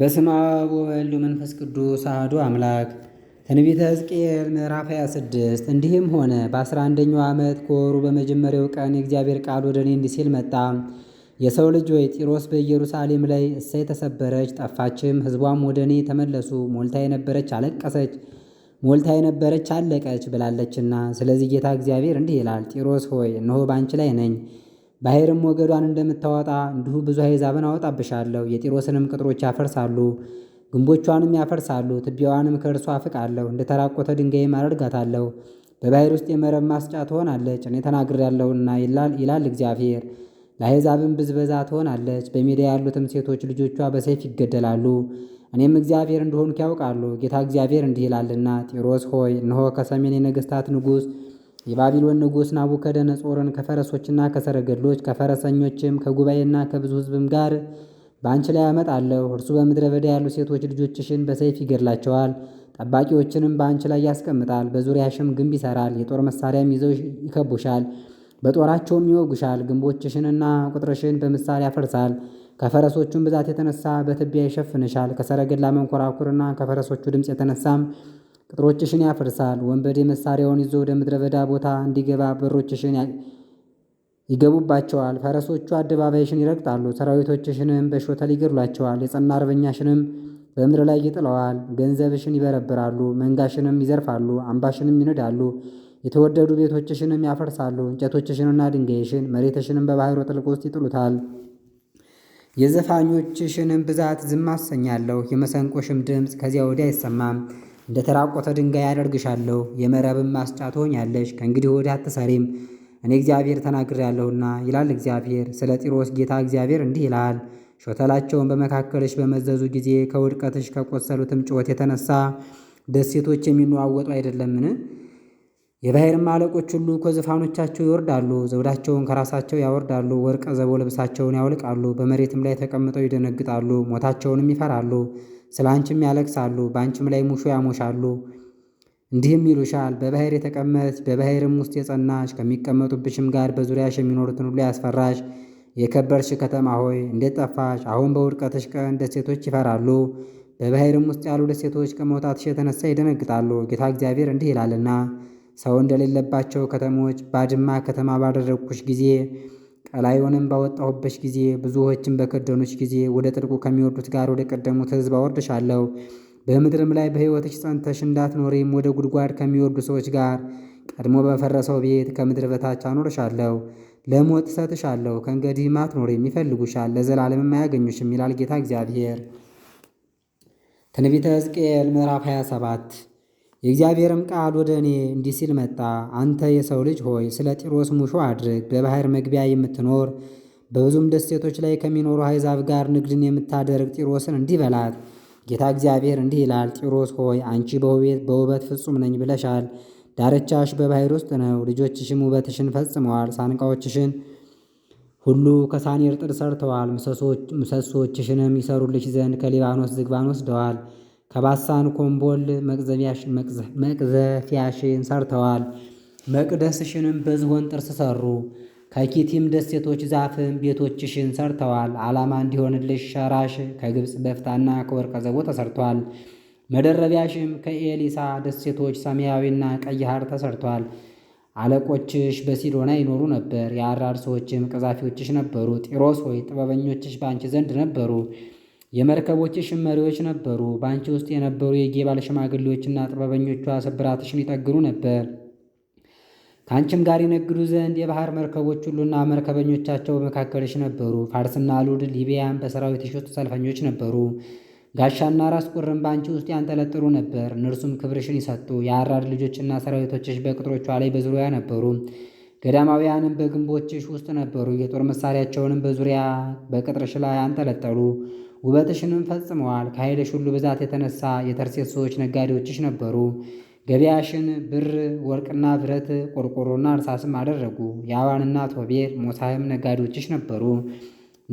በስመ አብ ወወልድ ወመንፈስ ቅዱስ አሐዱ አምላክ። ትንቢተ ሕዝቅኤል ምዕራፍ 26 እንዲህም ሆነ በአስራ አንደኛው ዓመት ከወሩ በመጀመሪያው ቀን የእግዚአብሔር ቃል ወደ እኔ እንዲህ ሲል መጣ። የሰው ልጅ ሆይ ጢሮስ በኢየሩሳሌም ላይ እሰይ ተሰበረች፣ ጠፋችም። ሕዝቧም ወደ እኔ ተመለሱ፣ ሞልታ የነበረች አለቀሰች፣ ሞልታ የነበረች አለቀች ብላለችና። ስለዚህ ጌታ እግዚአብሔር እንዲህ ይላል፣ ጢሮስ ሆይ እነሆ ባንቺ ላይ ነኝ ባሕርም ሞገዷን እንደምታወጣ እንዲሁ ብዙ አሕዛብን አወጣብሻለሁ። የጢሮስንም ቅጥሮች ያፈርሳሉ፣ ግንቦቿንም ያፈርሳሉ። ትቢያዋንም ከእርሷ አፍቃለሁ፣ እንደ ተራቆተ ድንጋይም አደርጋታለሁ። በባሕር ውስጥ የመረብ ማስጫ ትሆናለች። እኔ ተናግሬያለሁና ይላል እግዚአብሔር። ለአሕዛብም ብዝበዛ ትሆናለች። በሜዳ ያሉትም ሴቶች ልጆቿ በሰይፍ ይገደላሉ። እኔም እግዚአብሔር እንደሆንኩ ያውቃሉ። ጌታ እግዚአብሔር እንዲህ ይላልና ጢሮስ ሆይ እነሆ ከሰሜን የነገሥታት ንጉሥ የባቢሎን ንጉሥ ናቡከደነጾርን ከፈረሶችና ከሰረገሎች ከፈረሰኞችም ከጉባኤና ከብዙ ሕዝብም ጋር በአንቺ ላይ አመጣለሁ። እርሱ በምድረ በዳ ያሉ ሴቶች ልጆችሽን በሰይፍ ይገድላቸዋል፣ ጠባቂዎችንም በአንቺ ላይ ያስቀምጣል። በዙሪያሽም ግንብ ይሰራል፣ የጦር መሳሪያም ይዘው ይከቡሻል፣ በጦራቸውም ይወጉሻል። ግንቦችሽንና ቁጥርሽን በምሳሌ ያፈርሳል። ከፈረሶቹም ብዛት የተነሳ በትቢያ ይሸፍንሻል። ከሰረገላ መንኮራኩርና ከፈረሶቹ ድምፅ የተነሳም ቅጥሮችሽን ያፈርሳል። ወንበዴ መሳሪያውን ይዞ ወደ ምድረ በዳ ቦታ እንዲገባ በሮችሽን ይገቡባቸዋል። ፈረሶቹ አደባባይሽን ይረግጣሉ፣ ሰራዊቶችሽንም በሾተል ይገድሏቸዋል። የጸና አርበኛሽንም በምድር ላይ ይጥለዋል። ገንዘብሽን ይበረብራሉ፣ መንጋሽንም ይዘርፋሉ፣ አምባሽንም ይነዳሉ። የተወደዱ ቤቶችሽንም ያፈርሳሉ። እንጨቶችሽንና ድንጋይሽን መሬትሽንም በባሕር ጥልቅ ውስጥ ይጥሉታል። የዘፋኞችሽንም ብዛት ዝም አሰኛለሁ። የመሰንቆሽም ድምፅ ከዚያ ወዲያ አይሰማም። እንደተራቆተ ድንጋይ አደርግሻለሁ፣ የመረብም ማስጫ ትሆኛለሽ። ከእንግዲህ ወዲህ አትሰሪም፣ እኔ እግዚአብሔር ያለሁና ይላል እግዚአብሔር። ስለ ጢሮስ ጌታ እግዚአብሔር እንዲህ ይላል ሾተላቸውን በመካከልሽ በመዘዙ ጊዜ ከውድቀትሽ ከቆሰሉትም ጩኸት የተነሳ ደሴቶች የሚነዋወጡ አይደለምን? የባሕርም አለቆች ሁሉ ከዙፋኖቻቸው ይወርዳሉ፣ ዘውዳቸውን ከራሳቸው ያወርዳሉ፣ ወርቀ ዘቦ ልብሳቸውን ያወልቃሉ፣ በመሬትም ላይ ተቀምጠው ይደነግጣሉ፣ ሞታቸውንም ይፈራሉ፣ ስለ አንቺም ያለቅሳሉ፣ በአንቺም ላይ ሙሾ ያሞሻሉ። እንዲህም ይሉሻል፣ በባሕር የተቀመጥሽ በባሕርም ውስጥ የጸናሽ ከሚቀመጡብሽም ጋር በዙሪያሽ የሚኖሩትን ሁሉ ያስፈራሽ የከበርሽ ከተማ ሆይ እንዴት ጠፋሽ? አሁን በውድቀትሽ ቀን ደሴቶች ይፈራሉ፣ በባሕርም ውስጥ ያሉ ደሴቶች ከመውጣትሽ የተነሳ ይደነግጣሉ። ጌታ እግዚአብሔር እንዲህ ይላልና ሰው እንደሌለባቸው ከተሞች ባድማ ከተማ ባደረግኩሽ ጊዜ ቀላዩንም ባወጣሁበሽ ጊዜ ብዙዎችን በከደኖች ጊዜ ወደ ጥልቁ ከሚወርዱት ጋር ወደ ቀደሙት ሕዝብ አወርድሻለሁ። በምድርም ላይ በሕይወትሽ ጸንተሽ እንዳትኖሪም ወደ ጉድጓድ ከሚወርዱ ሰዎች ጋር ቀድሞ በፈረሰው ቤት ከምድር በታች አኖርሻለሁ። ለሞት እሰጥሻለሁ፣ ከእንግዲህም አትኖሪም። ይፈልጉሻል፣ ለዘላለምም አያገኙሽም፣ ይላል ጌታ እግዚአብሔር። ትንቢተ ሕዝቅኤል ምዕራፍ 27 የእግዚአብሔርም ቃል ወደ እኔ እንዲህ ሲል መጣ። አንተ የሰው ልጅ ሆይ ስለ ጢሮስ ሙሾ አድርግ። በባህር መግቢያ የምትኖር በብዙም ደሴቶች ላይ ከሚኖሩ አሕዛብ ጋር ንግድን የምታደርግ ጢሮስን እንዲህ በላት። ጌታ እግዚአብሔር እንዲህ ይላል፣ ጢሮስ ሆይ አንቺ በውቤት በውበት ፍጹም ነኝ ብለሻል። ዳርቻሽ በባህር ውስጥ ነው። ልጆችሽም ውበትሽን ፈጽመዋል። ሳንቃዎችሽን ሁሉ ከሳኔር ጥድ ሰርተዋል። ምሰሶችሽንም ይሰሩልሽ ዘንድ ከሊባኖስ ዝግባን ወስደዋል። ከባሳን ኮምቦል መቅዘፊያሽን ሰርተዋል። መቅደስሽንም በዝሆን ጥርስ ሰሩ። ከኪቲም ደሴቶች ዛፍም ቤቶችሽን ሰርተዋል። ዓላማ እንዲሆንልሽ ሸራሽ ከግብፅ በፍታና ከወርቀ ዘቦ ተሰርቷል። መደረቢያሽም ከኤሊሳ ደሴቶች ሰማያዊና ቀይ ሐር ተሰርቷል። አለቆችሽ በሲዶና ይኖሩ ነበር፣ የአራር ሰዎችም ቀዛፊዎችሽ ነበሩ። ጢሮስ ሆይ ጥበበኞችሽ በአንቺ ዘንድ ነበሩ። የመርከቦች ሽመሪዎች ነበሩ። በአንቺ ውስጥ የነበሩ የጌባል ሽማግሌዎችና ጥበበኞቿ ስብራትሽን ይጠግኑ ነበር። ከአንቺም ጋር ይነግዱ ዘንድ የባህር መርከቦች ሁሉና መርከበኞቻቸው በመካከልሽ ነበሩ። ፋርስና ሉድ፣ ሊቢያም በሰራዊትሽ ውስጥ ሰልፈኞች ነበሩ። ጋሻና ራስ ቁርም በአንቺ ውስጥ ያንጠለጥሉ ነበር። እነርሱም ክብርሽን ይሰጡ። የአራድ ልጆችና ሰራዊቶችሽ በቅጥሮቿ ላይ በዙሪያ ነበሩ። ገዳማውያንም በግንቦችሽ ውስጥ ነበሩ። የጦር መሳሪያቸውንም በዙሪያ በቅጥርሽ ላይ አንጠለጠሉ። ውበትሽንም ፈጽመዋል። ከኃይልሽ ሁሉ ብዛት የተነሳ የተርሴት ሰዎች ነጋዴዎችሽ ነበሩ። ገበያሽን ብር፣ ወርቅና ብረት፣ ቆርቆሮና እርሳስም አደረጉ። የአዋንና ቶቤር ሞሳህም ነጋዴዎችሽ ነበሩ።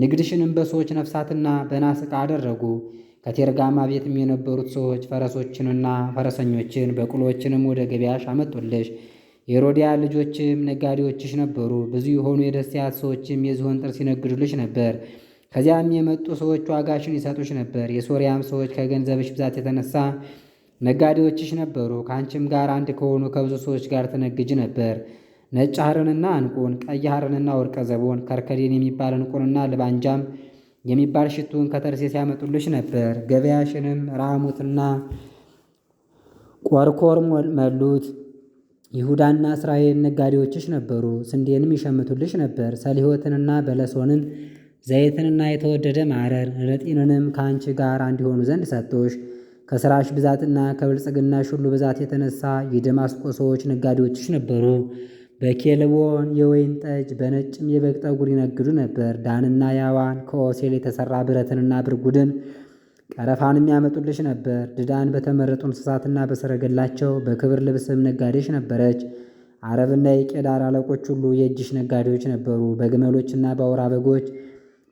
ንግድሽንም በሰዎች ነፍሳትና በናስ ዕቃ አደረጉ። ከቴርጋማ ቤትም የነበሩት ሰዎች ፈረሶችንና ፈረሰኞችን በቅሎችንም ወደ ገበያሽ አመጡልሽ። የሮዲያ ልጆችም ነጋዴዎችሽ ነበሩ። ብዙ የሆኑ የደስያት ሰዎችም የዝሆን ጥርስ ይነግዱልሽ ነበር። ከዚያም የመጡ ሰዎች ዋጋሽን ይሰጡሽ ነበር። የሶርያም ሰዎች ከገንዘብሽ ብዛት የተነሳ ነጋዴዎችሽ ነበሩ። ከአንቺም ጋር አንድ ከሆኑ ከብዙ ሰዎች ጋር ትነግጅ ነበር። ነጭ ሐርንና ዕንቁን፣ ቀይ ሐርንና ወርቀ ዘቦን፣ ከርከዴን የሚባል ዕንቁንና ልባንጃም የሚባል ሽቱን ከተርሴስ ያመጡልሽ ነበር። ገበያሽንም ራሙትና ቆርኮር መሉት። ይሁዳና እስራኤል ነጋዴዎችሽ ነበሩ። ስንዴንም ይሸምቱልሽ ነበር። ሰሊሆትንና በለሶንን ዘይትንና የተወደደ ማረር ረጢንንም ከአንቺ ጋር እንዲሆኑ ዘንድ ሰጥቶሽ ከሥራሽ ብዛትና ከብልጽግናሽ ሁሉ ብዛት የተነሳ የደማስቆ ሰዎች ነጋዴዎችሽ ነበሩ። በኬልቦን የወይን ጠጅ በነጭም የበግ ጠጉር ይነግዱ ነበር። ዳንና ያዋን ከኦሴል የተሠራ ብረትንና ብርጉድን ቀረፋንም ያመጡልሽ ነበር። ድዳን በተመረጡ እንስሳትና በሰረገላቸው በክብር ልብስም ነጋዴሽ ነበረች። አረብና የቄዳር አለቆች ሁሉ የእጅሽ ነጋዴዎች ነበሩ። በግመሎችና በአውራ በጎች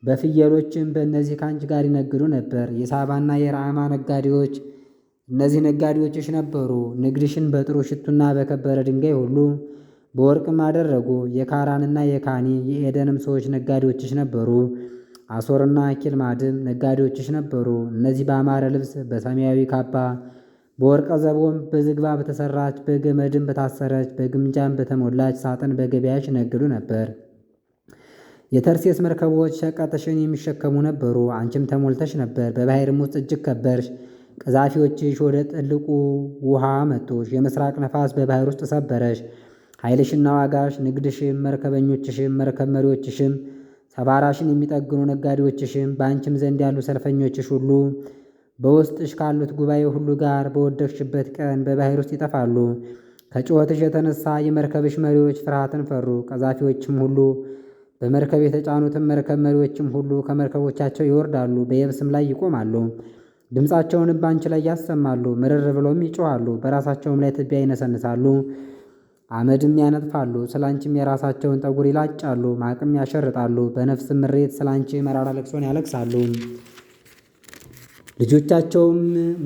በፍየሎችም በእነዚህ ከአንቺ ጋር ይነግዱ ነበር። የሳባና የራማ ነጋዴዎች እነዚህ ነጋዴዎችሽ ነበሩ። ንግድሽን በጥሩ ሽቱና በከበረ ድንጋይ ሁሉ በወርቅም አደረጉ። የካራንና የካኒ የኤደንም ሰዎች ነጋዴዎችሽ ነበሩ። አሶርና ኪልማድም ነጋዴዎችሽ ነበሩ። እነዚህ በአማረ ልብስ በሰማያዊ ካባ በወርቀ ዘቦም በዝግባ በተሰራች በገመድም በታሰረች በግምጃም በተሞላች ሳጥን በገበያሽ ይነግዱ ነበር። የተርሴስ መርከቦች ሸቀጥሽን የሚሸከሙ ነበሩ። አንቺም ተሞልተሽ ነበር። በባሕርም ውስጥ እጅግ ከበርሽ። ቀዛፊዎችሽ ወደ ጥልቁ ውሃ መጡሽ። የምስራቅ ነፋስ በባሕር ውስጥ ሰበረሽ። ኃይልሽና ዋጋሽ፣ ንግድሽም፣ መርከበኞችሽም፣ መርከብ መሪዎችሽም፣ ሰባራሽን የሚጠግኑ ነጋዴዎችሽም፣ በአንቺም ዘንድ ያሉ ሰልፈኞችሽ ሁሉ በውስጥሽ ካሉት ጉባኤ ሁሉ ጋር በወደቅሽበት ቀን በባሕር ውስጥ ይጠፋሉ። ከጩኸትሽ የተነሳ የመርከብሽ መሪዎች ፍርሃትን ፈሩ። ቀዛፊዎችም ሁሉ በመርከብ የተጫኑት መርከብ መሪዎችም ሁሉ ከመርከቦቻቸው ይወርዳሉ፣ በየብስም ላይ ይቆማሉ። ድምፃቸውን በአንቺ ላይ ያሰማሉ፣ ምርር ብለውም ይጮኋሉ በራሳቸውም ላይ ትቢያ ይነሰንሳሉ፣ አመድም ያነጥፋሉ። ስለ አንቺም የራሳቸውን ጠጉር ይላጫሉ፣ ማቅም ያሸርጣሉ። በነፍስም ምሬት ስለ አንቺ መራራ ለቅሶን ያለቅሳሉ። ልጆቻቸውም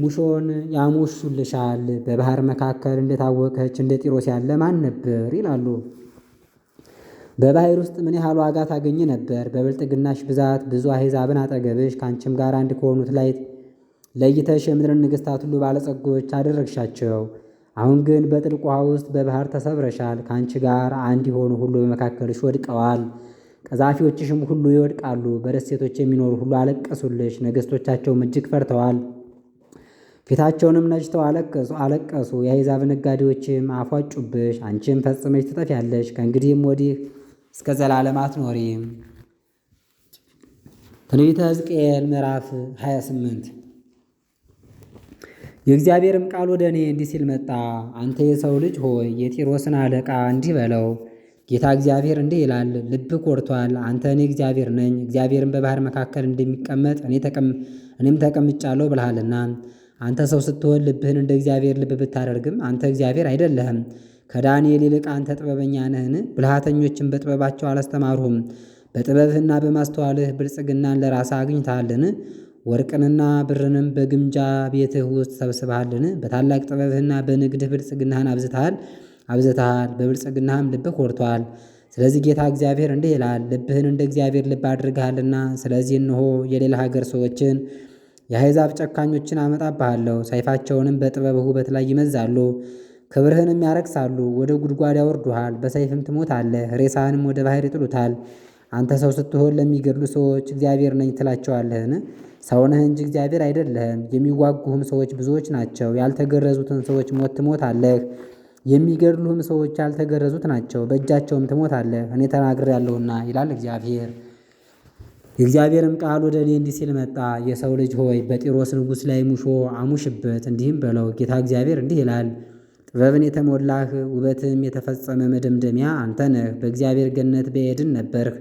ሙሾን ያሞሹልሻል፣ በባህር መካከል እንደታወቀች እንደ ጢሮስ ያለ ማን ነበር ይላሉ። በባህር ውስጥ ምን ያህል ዋጋ ታገኝ ነበር? በብልጥግናሽ ብዛት ብዙ አሕዛብን አጠገብሽ ከአንቺም ጋር አንድ ከሆኑት ላይ ለይተሽ የምድርን ንግሥታት ሁሉ ባለጸጎች አደረግሻቸው። አሁን ግን በጥልቅ ውሃ ውስጥ በባህር ተሰብረሻል። ከአንቺ ጋር አንድ የሆኑ ሁሉ በመካከልሽ ወድቀዋል፣ ቀዛፊዎችሽም ሁሉ ይወድቃሉ። በደሴቶች የሚኖሩ ሁሉ አለቀሱልሽ፣ ነገሥቶቻቸውም እጅግ ፈርተዋል፣ ፊታቸውንም ነጭተው አለቀሱ አለቀሱ። የአሕዛብ ነጋዴዎችም አፏጩብሽ፣ አንቺም ፈጽመሽ ትጠፊያለሽ። ከእንግዲህም ወዲህ እስከ ዘላለም አትኖሪ። ትንቢተ ሕዝቅኤል ምዕራፍ 28 የእግዚአብሔርም ቃል ወደ እኔ እንዲህ ሲል መጣ። አንተ የሰው ልጅ ሆይ የጢሮስን አለቃ እንዲህ በለው፣ ጌታ እግዚአብሔር እንዲህ ይላል፣ ልብ ኮርቷል። አንተ እኔ እግዚአብሔር ነኝ፣ እግዚአብሔርን በባህር መካከል እንደሚቀመጥ እኔም ተቀምጫለሁ ብልሃልና አንተ ሰው ስትሆን ልብህን እንደ እግዚአብሔር ልብ ብታደርግም አንተ እግዚአብሔር አይደለህም። ከዳንኤል ይልቅ አንተ ጥበበኛ ነህን? ብልሃተኞችን በጥበባቸው አላስተማሩህም። በጥበብህና በማስተዋልህ ብልጽግናን ለራስህ አግኝተሃልን? ወርቅንና ብርንም በግምጃ ቤትህ ውስጥ ሰብስበሃልን? በታላቅ ጥበብህና በንግድህ ብልጽግናህን አብዝተሃል አብዝተሃል፣ በብልጽግናህም ልብህ ኮርቷል። ስለዚህ ጌታ እግዚአብሔር እንዲህ ይላል፣ ልብህን እንደ እግዚአብሔር ልብ አድርግሃልና፣ ስለዚህ እንሆ የሌላ ሀገር ሰዎችን የአሕዛብ ጨካኞችን አመጣብሃለሁ፣ ሰይፋቸውንም በጥበብህ ውበት ላይ ይመዛሉ። ክብርህንም ያረክሳሉ ወደ ጉድጓድ ያወርዱሃል በሰይፍም ትሞታለህ ሬሳህንም ወደ ባህር ይጥሉታል። አንተ ሰው ስትሆን ለሚገድሉ ሰዎች እግዚአብሔር ነኝ ትላቸዋለህን? ሰው ነህ እንጂ እግዚአብሔር አይደለህም። የሚዋጉህም ሰዎች ብዙዎች ናቸው። ያልተገረዙትን ሰዎች ሞት ትሞታለህ። የሚገድሉህም ሰዎች ያልተገረዙት ናቸው። በእጃቸውም ትሞታለህ እኔ ተናግሬያለሁና ይላል እግዚአብሔር። የእግዚአብሔርም ቃል ወደ እኔ እንዲህ ሲል መጣ። የሰው ልጅ ሆይ በጢሮስ ንጉሥ ላይ ሙሾ አሙሽበት፣ እንዲህም በለው ጌታ እግዚአብሔር እንዲህ ይላል ጥበብን የተሞላህ ውበትም የተፈጸመ መደምደሚያ አንተ ነህ። በእግዚአብሔር ገነት በኤድን ነበርህ።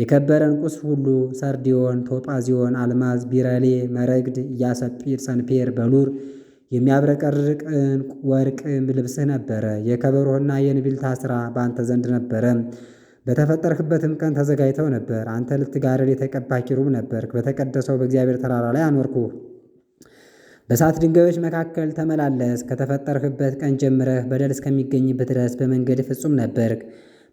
የከበረ ንቁስ ሁሉ ሰርዲዮን፣ ቶጳዚዮን፣ አልማዝ፣ ቢረሌ፣ መረግድ፣ ኢያሰጲድ፣ ሰንፔር፣ በሉር የሚያብረቀርቅ ወርቅ ልብስህ ነበረ። የከበሮህና የንቢልታ ስራ በአንተ ዘንድ ነበረ። በተፈጠርክበትም ቀን ተዘጋጅተው ነበር። አንተ ልትጋረድ የተቀባ ኪሩብ ነበርክ። በተቀደሰው በእግዚአብሔር ተራራ ላይ አኖርኩህ። በሳት ድንጋዮች መካከል ተመላለስ። ከተፈጠርህበት ቀን ጀምረህ በደል እስከሚገኝበት ድረስ በመንገድ ፍጹም ነበርክ።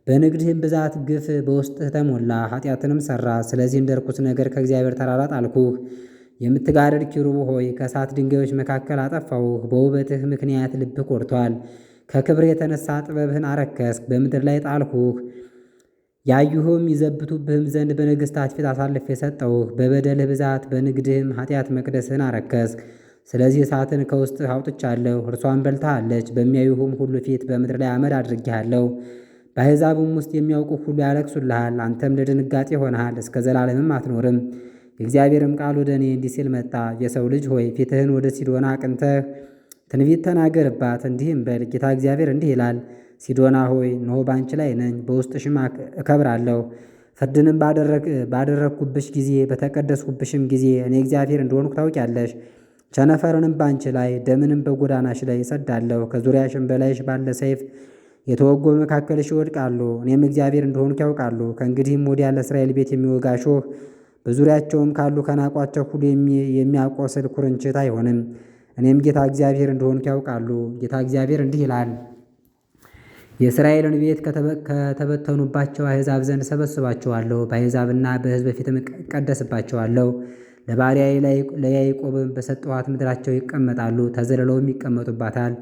በንግድህም ብዛት ግፍ በውስጥህ ተሞላ፣ ኃጢአትንም ሰራ። ስለዚህ እንደ ርኩስ ነገር ከእግዚአብሔር ተራራ ጣልኩህ። የምትጋርድ ኪሩብ ሆይ ከሳት ድንጋዮች መካከል አጠፋውህ። በውበትህ ምክንያት ልብህ ቆርቷል። ከክብር የተነሳ ጥበብህን አረከስክ፣ በምድር ላይ ጣልኩህ። ያዩህም ይዘብቱብህም ዘንድ በነገሥታት ፊት አሳልፌ ሰጠውህ። በበደልህ ብዛት በንግድህም ኃጢአት መቅደስህን አረከስክ። ስለዚህ እሳትን ከውስጥ አውጥቻለሁ፣ እርሷን በልታሃለች። በሚያዩሁም ሁሉ ፊት በምድር ላይ አመድ አድርጌሃለሁ። በአሕዛብም ውስጥ የሚያውቁ ሁሉ ያለቅሱልሃል። አንተም ለድንጋጤ ሆነሃል፣ እስከ ዘላለምም አትኖርም። የእግዚአብሔርም ቃል ወደ እኔ እንዲህ ሲል መጣ። የሰው ልጅ ሆይ ፊትህን ወደ ሲዶና አቅንተህ ትንቢት ተናገርባት፣ እንዲህም በል ጌታ እግዚአብሔር እንዲህ ይላል፣ ሲዶና ሆይ እነሆ ባንቺ ላይ ነኝ፣ በውስጥሽም እከብራለሁ። ፍርድንም ባደረግኩብሽ ጊዜ በተቀደስኩብሽም ጊዜ እኔ እግዚአብሔር እንደሆንኩ ታውቂያለሽ። ቸነፈርንም ባንቺ ላይ ደምንም በጎዳናሽ ላይ እሰዳለሁ። ከዙሪያሽም በላይሽ ባለ ሰይፍ የተወጎ መካከልሽ ይወድቃሉ። እኔም እግዚአብሔር እንደሆንኩ ያውቃሉ። ከእንግዲህም ወዲያ ለእስራኤል ቤት የሚወጋ ሾህ በዙሪያቸውም ካሉ ከናቋቸው ሁሉ የሚያቆስል ኩርንችት አይሆንም። እኔም ጌታ እግዚአብሔር እንደሆንኩ ያውቃሉ። ጌታ እግዚአብሔር እንዲህ ይላል የእስራኤልን ቤት ከተበተኑባቸው አሕዛብ ዘንድ ሰበስባቸዋለሁ። በአሕዛብና በሕዝብ ፊትም እቀደስባቸዋለሁ። ለባሪያዬ ለያዕቆብም በሰጠኋት ምድራቸው ይቀመጣሉ፣ ተዘልለውም ይቀመጡባታል።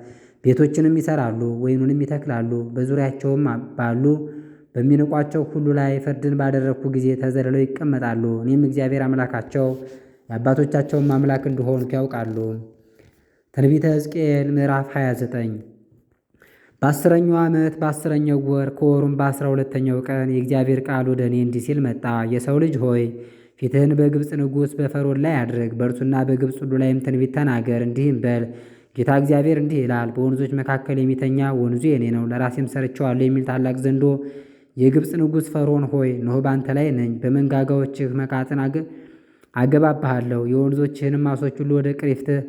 ቤቶችንም ይሰራሉ፣ ወይኑንም ይተክላሉ። በዙሪያቸውም ባሉ በሚንቋቸው ሁሉ ላይ ፍርድን ባደረግኩ ጊዜ ተዘልለው ይቀመጣሉ። እኔም እግዚአብሔር አምላካቸው የአባቶቻቸውም አምላክ እንደሆንኩ ያውቃሉ። ትንቢተ ሕዝቅኤል ምዕራፍ 29 በአስረኛው ዓመት በአስረኛው ወር ከወሩም በአስራ ሁለተኛው ቀን የእግዚአብሔር ቃል ወደ እኔ እንዲህ ሲል መጣ። የሰው ልጅ ሆይ ፊትህን በግብፅ ንጉሥ በፈሮን ላይ አድርግ፣ በእርሱና በግብፅ ሁሉ ላይም ትንቢት ተናገር፣ እንዲህም በል ጌታ እግዚአብሔር እንዲህ ይላል፣ በወንዞች መካከል የሚተኛ ወንዙ የኔ ነው፣ ለራሴም ሰርቸዋለሁ የሚል ታላቅ ዘንዶ የግብፅ ንጉሥ ፈርዖን ሆይ እነሆ ባንተ ላይ ነኝ። በመንጋጋዎችህ መቃጥን አገባብሃለሁ፣ የወንዞችህንም ማሶች ሁሉ ወደ ቅርፊትህ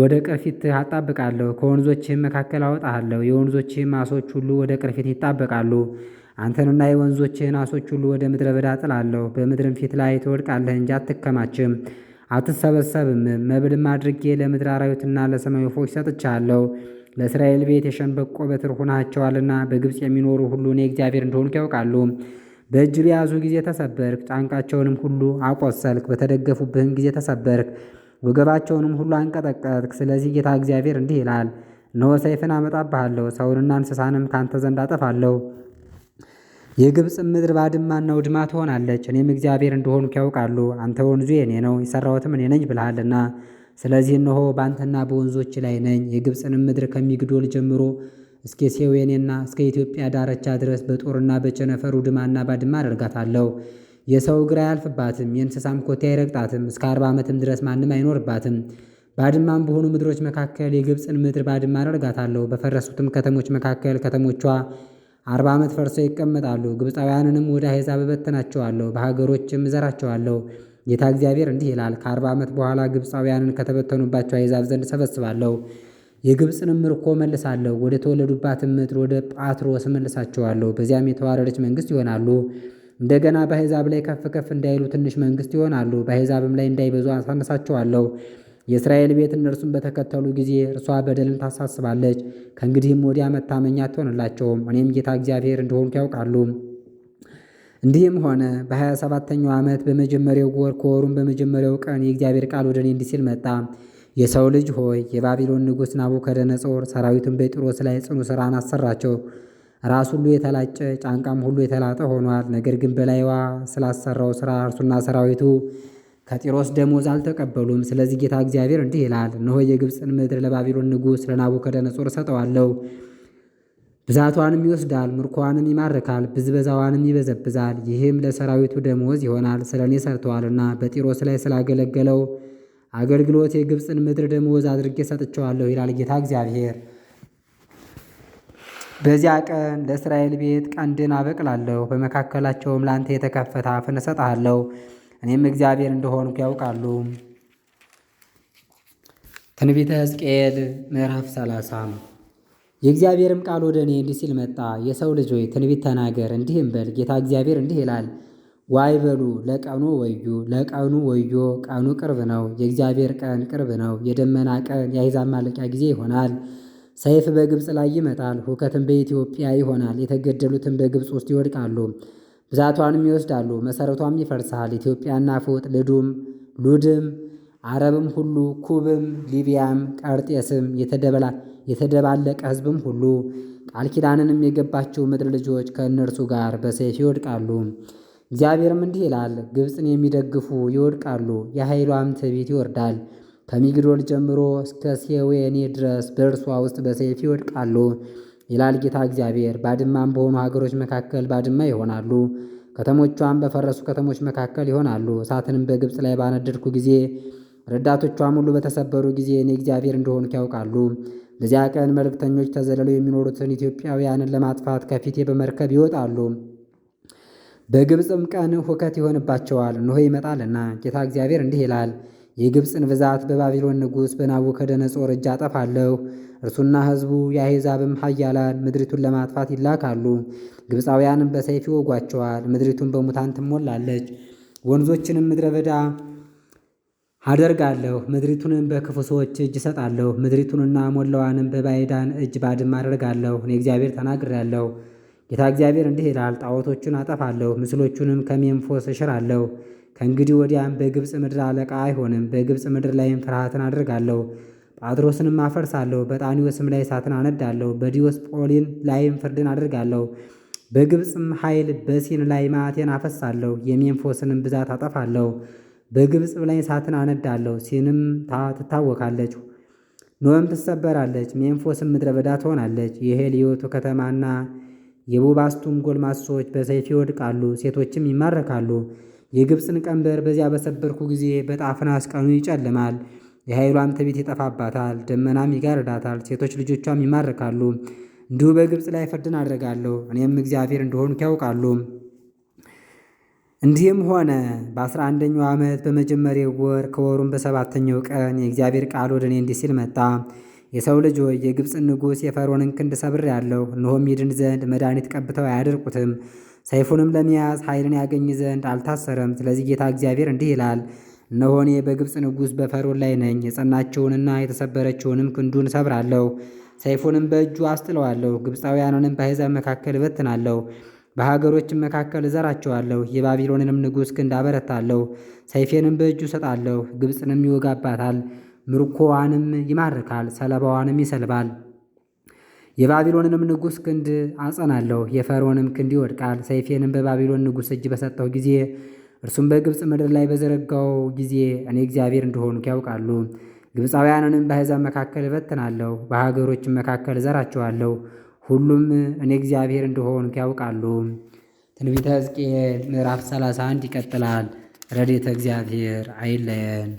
ወደ ቅርፊትህ አጣብቃለሁ። ከወንዞችህም መካከል አወጣሃለሁ፣ የወንዞችህም ማሶች ሁሉ ወደ ቅርፊት ይጣበቃሉ። አንተንና የወንዞችህን ዓሦች ሁሉ ወደ ምድረ በዳ ጥላለሁ። በምድርም ፊት ላይ ትወድቃለህ እንጂ አትከማችም አትሰበሰብም። መብልም አድርጌ ለምድር አራዊትና ለሰማይ ወፎች ሰጥቻለሁ። ለእስራኤል ቤት የሸንበቆ በትር ሆናቸዋልና በግብፅ የሚኖሩ ሁሉ እኔ እግዚአብሔር እንደሆንኩ ያውቃሉ። በእጅ በያዙ ጊዜ ተሰበርክ፣ ጫንቃቸውንም ሁሉ አቆሰልክ። በተደገፉብህም ጊዜ ተሰበርክ፣ ወገባቸውንም ሁሉ አንቀጠቀጥክ። ስለዚህ ጌታ እግዚአብሔር እንዲህ ይላል፣ እነሆ ሰይፍን አመጣብሃለሁ፣ ሰውንና እንስሳንም ከአንተ ዘንድ አጠፋለሁ። የግብፅ ምድር ባድማና ውድማ ትሆናለች። እኔም እግዚአብሔር እንደሆኑ ያውቃሉ። አንተ ወንዙ የኔ ነው የሠራሁትም እኔ ነኝ ብልሃልና። ስለዚህ እነሆ በአንተና በወንዞች ላይ ነኝ። የግብፅንም ምድር ከሚግዶል ጀምሮ እስከ ሴዌኔና እስከ ኢትዮጵያ ዳርቻ ድረስ በጦርና በቸነፈር ውድማና ባድማ አደርጋታለሁ። የሰው እግር አያልፍባትም፣ የእንስሳም ኮቴ አይረግጣትም። እስከ አርባ ዓመትም ድረስ ማንም አይኖርባትም። ባድማም በሆኑ ምድሮች መካከል የግብፅን ምድር ባድማ አደርጋታለሁ። በፈረሱትም ከተሞች መካከል ከተሞቿ አርባ ዓመት ፈርሰው ይቀመጣሉ። ግብፃውያንንም ወደ አሕዛብ እበትናቸዋለሁ፣ በሀገሮችም እዘራቸዋለሁ። ጌታ እግዚአብሔር እንዲህ ይላል፣ ከአርባ ዓመት በኋላ ግብፃውያንን ከተበተኑባቸው አሕዛብ ዘንድ ሰበስባለሁ። የግብፅንም ምርኮ መልሳለሁ፣ ወደ ተወለዱባትም ምድር ወደ ጳትሮስ መልሳቸዋለሁ። በዚያም የተዋረደች መንግሥት ይሆናሉ። እንደገና በአሕዛብ ላይ ከፍ ከፍ እንዳይሉ ትንሽ መንግሥት ይሆናሉ። በአሕዛብም ላይ እንዳይበዙ አሳነሳቸዋለሁ። የእስራኤል ቤት እነርሱን በተከተሉ ጊዜ እርሷ በደልን ታሳስባለች፣ ከእንግዲህም ወዲያ መታመኛ አትሆንላቸውም። እኔም ጌታ እግዚአብሔር እንደሆንኩ ያውቃሉ። እንዲህም ሆነ በሀያ ሰባተኛው ዓመት በመጀመሪያው ወር ከወሩም በመጀመሪያው ቀን የእግዚአብሔር ቃል ወደ እኔ እንዲህ ሲል መጣ። የሰው ልጅ ሆይ የባቢሎን ንጉሥ ናቡከደነጾር ሰራዊቱን በጢሮስ ላይ ጽኑ ሥራን አሰራቸው። ራስ ሁሉ የተላጨ ጫንቃም ሁሉ የተላጠ ሆኗል። ነገር ግን በላይዋ ስላሰራው ሥራ እርሱና ሰራዊቱ ከጢሮስ ደሞዝ አልተቀበሉም። ስለዚህ ጌታ እግዚአብሔር እንዲህ ይላል፣ እነሆ የግብፅን ምድር ለባቢሎን ንጉሥ ለናቡከደነጾር እሰጠዋለሁ። ብዛቷንም ይወስዳል፣ ምርኳንም ይማርካል፣ ብዝበዛዋንም ይበዘብዛል። ይህም ለሰራዊቱ ደሞዝ ይሆናል፣ ስለ እኔ ሰርተዋልና በጢሮስ ላይ ስላገለገለው አገልግሎት የግብፅን ምድር ደመወዝ አድርጌ ሰጥቸዋለሁ ይላል ጌታ እግዚአብሔር። በዚያ ቀን ለእስራኤል ቤት ቀንድን አበቅላለሁ፣ በመካከላቸውም ለአንተ የተከፈተ አፍን እሰጥሃለሁ። እኔም እግዚአብሔር እንደሆንኩ ያውቃሉ። ትንቢተ ሕዝቅኤል ምዕራፍ ሰላሳ የእግዚአብሔርም ቃል ወደ እኔ እንዲህ ሲል መጣ። የሰው ልጅ ሆይ ትንቢት ተናገር፣ እንዲህም በል ጌታ እግዚአብሔር እንዲህ ይላል ዋይ በሉ ለቀኑ ወዮ፣ ለቀኑ ወዮ፣ ቀኑ ቅርብ ነው። የእግዚአብሔር ቀን ቅርብ ነው። የደመና ቀን የአሕዛብ ማለቂያ ጊዜ ይሆናል። ሰይፍ በግብፅ ላይ ይመጣል፣ ሁከትም በኢትዮጵያ ይሆናል። የተገደሉትም በግብፅ ውስጥ ይወድቃሉ። ብዛቷንም ይወስዳሉ፣ መሠረቷም ይፈርሳል። ኢትዮጵያና ፉጥ፣ ልዱም ሉድም፣ አረብም ሁሉ፣ ኩብም፣ ሊቢያም፣ ቀርጤስም የተደባለቀ ሕዝብም ሁሉ ቃል ኪዳንንም የገባቸው ምድር ልጆች ከእነርሱ ጋር በሰይፍ ይወድቃሉ። እግዚአብሔርም እንዲህ ይላል፣ ግብፅን የሚደግፉ ይወድቃሉ፣ የኃይሏም ትዕቢት ይወርዳል። ከሚግዶል ጀምሮ እስከ ሴዌኔ ድረስ በእርሷ ውስጥ በሰይፍ ይወድቃሉ። ይላል ጌታ እግዚአብሔር። ባድማም በሆኑ ሀገሮች መካከል ባድማ ይሆናሉ፣ ከተሞቿም በፈረሱ ከተሞች መካከል ይሆናሉ። እሳትንም በግብፅ ላይ ባነደድኩ ጊዜ ረዳቶቿም ሁሉ በተሰበሩ ጊዜ እኔ እግዚአብሔር እንደሆንኩ ያውቃሉ። በዚያ ቀን መልእክተኞች ተዘልለው የሚኖሩትን ኢትዮጵያውያንን ለማጥፋት ከፊቴ በመርከብ ይወጣሉ። በግብፅም ቀን ሁከት ይሆንባቸዋል። ኖሄ ይመጣልና ጌታ እግዚአብሔር እንዲህ ይላል የግብፅን ብዛት በባቢሎን ንጉሥ በናቡከደነጾር እጅ አጠፋለሁ። እርሱና ሕዝቡ የአሕዛብም ኃያላን ምድሪቱን ለማጥፋት ይላካሉ። ግብፃውያንም በሰይፍ ይወጓቸዋል። ምድሪቱን በሙታን ትሞላለች። ወንዞችንም ምድረ በዳ አደርጋለሁ። ምድሪቱንም በክፉ ሰዎች እጅ እሰጣለሁ። ምድሪቱንና ሞላዋንም በባይዳን እጅ ባድማ አደርጋለሁ። እኔ እግዚአብሔር ተናግሬያለሁ። ጌታ እግዚአብሔር እንዲህ ይላል፣ ጣዖቶቹን አጠፋለሁ፣ ምስሎቹንም ከሜምፎስ እሽራለሁ። ከእንግዲህ ወዲያም በግብፅ ምድር አለቃ አይሆንም። በግብፅ ምድር ላይም ፍርሃትን አድርጋለሁ። ጳጥሮስንም አፈርሳለሁ። በጣኒዎስም ላይ እሳትን አነዳለሁ። በዲዮስጶሊን ላይም ፍርድን አድርጋለሁ። በግብፅም ኃይል በሲን ላይ ማዕቴን አፈሳለሁ። የሜንፎስንም ብዛት አጠፋለሁ። በግብፅ ላይ እሳትን አነዳለሁ። ሲንም ትታወካለች፣ ኖም ትሰበራለች። ሜንፎስም ምድረ በዳ ትሆናለች። የሄልዮቱ ከተማና የቡባስቱም ጎልማሶች በሰይፍ ይወድቃሉ፣ ሴቶችም ይማረካሉ። የግብፅን ቀንበር በዚያ በሰበርኩ ጊዜ በጣፍናስ ቀኑ ይጨልማል፣ የኃይሏም ትዕቢት ይጠፋባታል፣ ደመናም ይጋርዳታል፣ ሴቶች ልጆቿም ይማርካሉ። እንዲሁ በግብፅ ላይ ፍርድን አድርጋለሁ፣ እኔም እግዚአብሔር እንደሆኑ ያውቃሉ። እንዲህም ሆነ በአስራ አንደኛው ዓመት በመጀመሪያው ወር ከወሩም በሰባተኛው ቀን የእግዚአብሔር ቃል ወደ እኔ እንዲህ ሲል መጣ። የሰው ልጅ ሆይ የግብፅን ንጉሥ የፈርዖንን ክንድ ሰብሬአለሁ፣ እነሆም ይድን ዘንድ መድኃኒት ቀብተው አያደርቁትም። ሰይፉንም ለመያዝ ኃይልን ያገኝ ዘንድ አልታሰረም። ስለዚህ ጌታ እግዚአብሔር እንዲህ ይላል፣ እነሆ እኔ በግብፅ ንጉሥ በፈርዖን ላይ ነኝ። የጸናችውንና የተሰበረችውንም ክንዱን እሰብራለሁ፣ ሰይፉንም በእጁ አስጥለዋለሁ። ግብፃውያንንም በአሕዛብ መካከል እበትናለሁ በሀገሮችም መካከል እዘራቸዋለሁ። የባቢሎንንም ንጉሥ ክንድ አበረታለሁ፣ ሰይፌንም በእጁ እሰጣለሁ። ግብፅንም ይወጋባታል፣ ምርኮዋንም ይማርካል፣ ሰለባዋንም ይሰልባል። የባቢሎንንም ንጉሥ ክንድ አጸናለሁ፣ የፈርዖንም ክንድ ይወድቃል። ሰይፌንም በባቢሎን ንጉሥ እጅ በሰጠሁ ጊዜ እርሱም በግብፅ ምድር ላይ በዘረጋው ጊዜ እኔ እግዚአብሔር እንደሆኑ ያውቃሉ። ግብፃውያንንም በአሕዛብ መካከል እበትናለሁ፣ በሀገሮችም መካከል እዘራቸዋለሁ። ሁሉም እኔ እግዚአብሔር እንደሆኑ ያውቃሉ። ትንቢተ ሕዝቅኤል ምዕራፍ 31 ይቀጥላል። ረድኤተ እግዚአብሔር አይለየን።